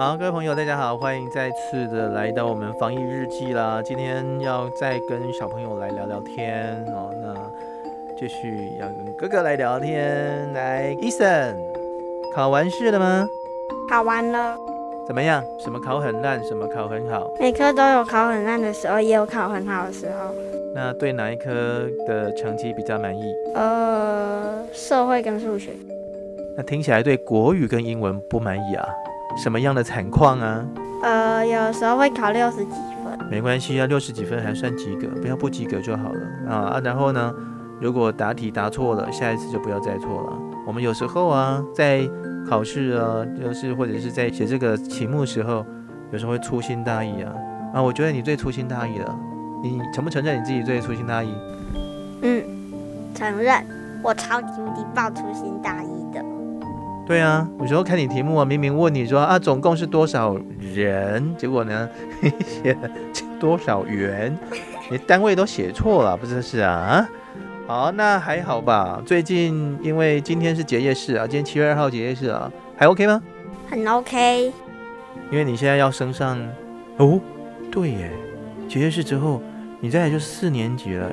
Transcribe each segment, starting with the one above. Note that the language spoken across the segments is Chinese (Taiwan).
好，各位朋友，大家好，歡迎再次的來到我們防疫日記啦。今天要再跟小朋友來聊聊天哦，那繼續要跟哥哥來聊天。來，Eason，考完試了嗎？考完了。怎麼樣？什麼考很爛？什麼考很好？每科都有考很爛的時候，也有考很好的時候。那對哪一科的成績比較滿意？呃，社會跟數學。那聽起來對國語跟英文不滿意啊。什麼樣的慘況啊？呃，有時候會考六十幾分，沒關係啊，六十幾分還算及格，不要不及格就好了啊，啊，然後呢，如果答題答錯了，下一次就不要再錯了。我們有時候啊，在考試啊，就是或者是在寫這個題目時候，有時候會粗心大意啊啊！我覺得你最粗心大意了。你，你承不承認你自己最粗心大意？嗯，承認，我超級無敵爆粗心大意的。對啊，有時候看你題目啊，明明問你說啊，總共是多少人？結果呢，寫了多少元？你單位都寫錯了，不知道是啊。好，那還好吧。最近因為今天是結業式啊，今天七月二號結業式啊，還 OK 嗎？很 OK。因為你現在要升上哦，對耶，結業式之後，你再來就四年級了，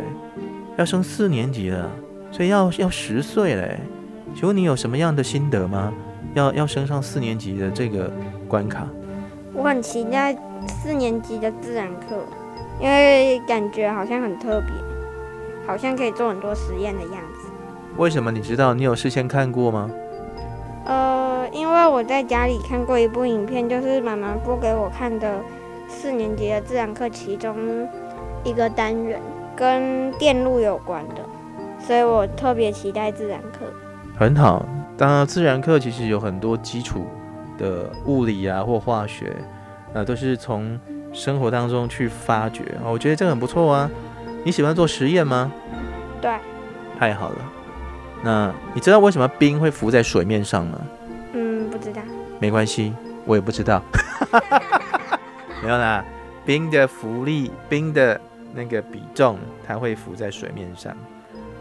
要升四年級了，所以要要十歲嘞。請問你有什麼樣的心得嗎？要要升上四年級的這個關卡，我很期待四年級的自然課，因為感覺好像很特別，好像可以做很多實驗的樣子。為什麼你知道？你有事先看過嗎？呃，因為我在家裡看過一部影片，就是媽媽播給我看的四年級的自然課，其中一個單元跟電路有關的，所以我特別期待自然課。很好，當然，自然課其實有很多基礎的物理啊或化學，那、呃、都是從生活當中去發掘啊，我覺得這個很不錯啊。你喜歡做實驗嗎？對，太好了。那你知道為什麼冰會浮在水面上嗎？嗯，不知道。沒關係，我也不知道。 沒有啦，冰的浮力，冰的那個比重，它會浮在水面上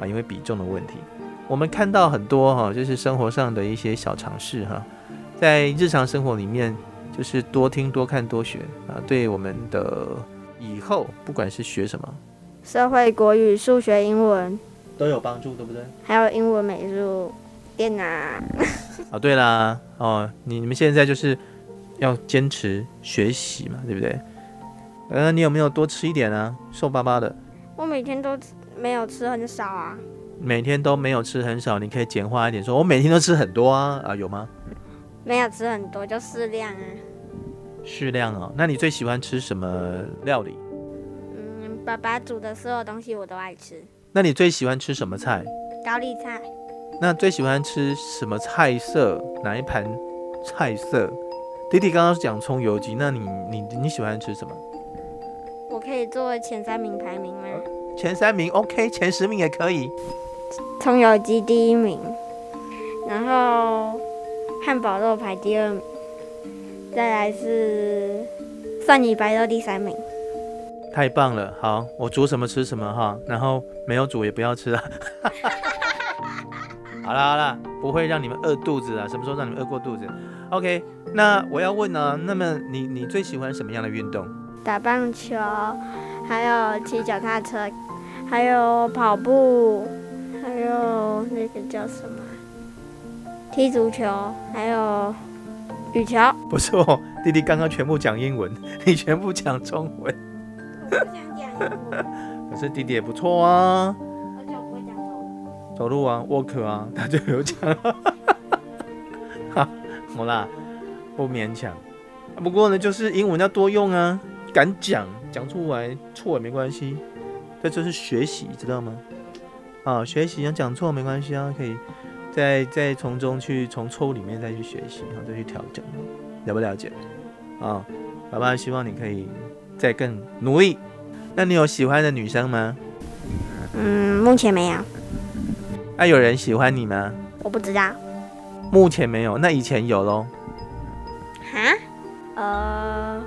啊，因為比重的問題。我們看到很多哈，就是生活上的一些小嘗試哈，在日常生活裡面，就是多聽、多看、多學啊，對我們的以後，不管是學什麼，社會、國語、數學、英文，都有幫助，對不對？還有英文、美術、電腦。啊， 對啦，哦，你你們現在就是要堅持學習嘛，對不對？呃，你有沒有多吃一點啊？瘦巴巴的。我每天都沒有吃很少啊。每天都沒有吃很少，你可以簡化一點說，我每天都吃很多啊。啊，有嗎？沒有吃很多，就適量啊。適量哦。那你最喜歡吃什麼料理？嗯，爸爸煮的所有東西我都愛吃。那你最喜歡吃什麼菜？高麗菜。那最喜歡吃什麼菜色？哪一盤菜色？弟弟剛剛講蔥油雞，那你你你喜歡吃什麼？我可以做前三名排名嗎？前三名 OK，前十名也可以。蔥油雞第一名，然後漢堡肉排第二名，再來是蒜泥白肉第三名。太棒了，好，我煮什麼吃什麼哈，然後沒有煮也不要吃啊。 好啦好啦，不會讓你們餓肚子啊，什麼時候讓你們餓過肚子？OK，那我要問呢、啊？那麼你你最喜歡什麼樣的運動？打棒球，還有騎腳踏車，還有跑步。踢足球，還有羽球。不是哦，弟弟剛剛全部講英文，你全部講中文。 可是弟弟也不錯啊。而且我不會講走路。走路啊，walk 啊，他就有講。 好啦，不勉強。不過呢，就是英文要多用啊，敢講，講出來錯也沒關係。這就是學習，知道嗎？好、哦，學習，有講錯沒關係啊，可以再再從中去從錯誤裡面再去學習，然後再去調整，了不了解？啊、哦，爸爸希望你可以再更努力。那你有喜歡的女生嗎？嗯，目前沒有。那、啊、有人喜歡你嗎？我不知道。目前沒有，那以前有咯。哈，呃。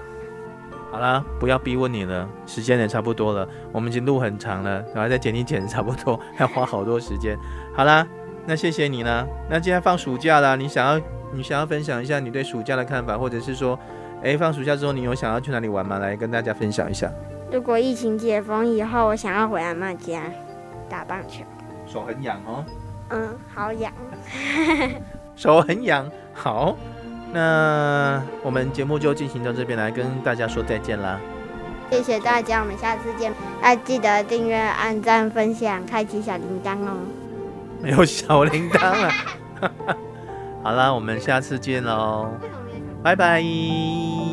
好了，不要逼問你了，時間也差不多了，我們已經錄很長了，然後再剪一剪，差不多還要花好多時間。 好了，那謝謝你了。那今天放暑假了，你想要你想要分享一下你對暑假的看法，或者是說，誒，放暑假之後你有想要去哪裡玩嗎？來跟大家分享一下。如果疫情解封以後，我想要回阿嬤家打棒球。手很癢哦。嗯，好癢。 手很癢，好。那我們節目就進行到這邊，來跟大家說再見啦，謝謝大家，我們下次見，要記得訂閱、按讚、分享、開啟小鈴鐺哦。沒有小鈴鐺啊！ 好啦，我們下次見嘍，拜拜。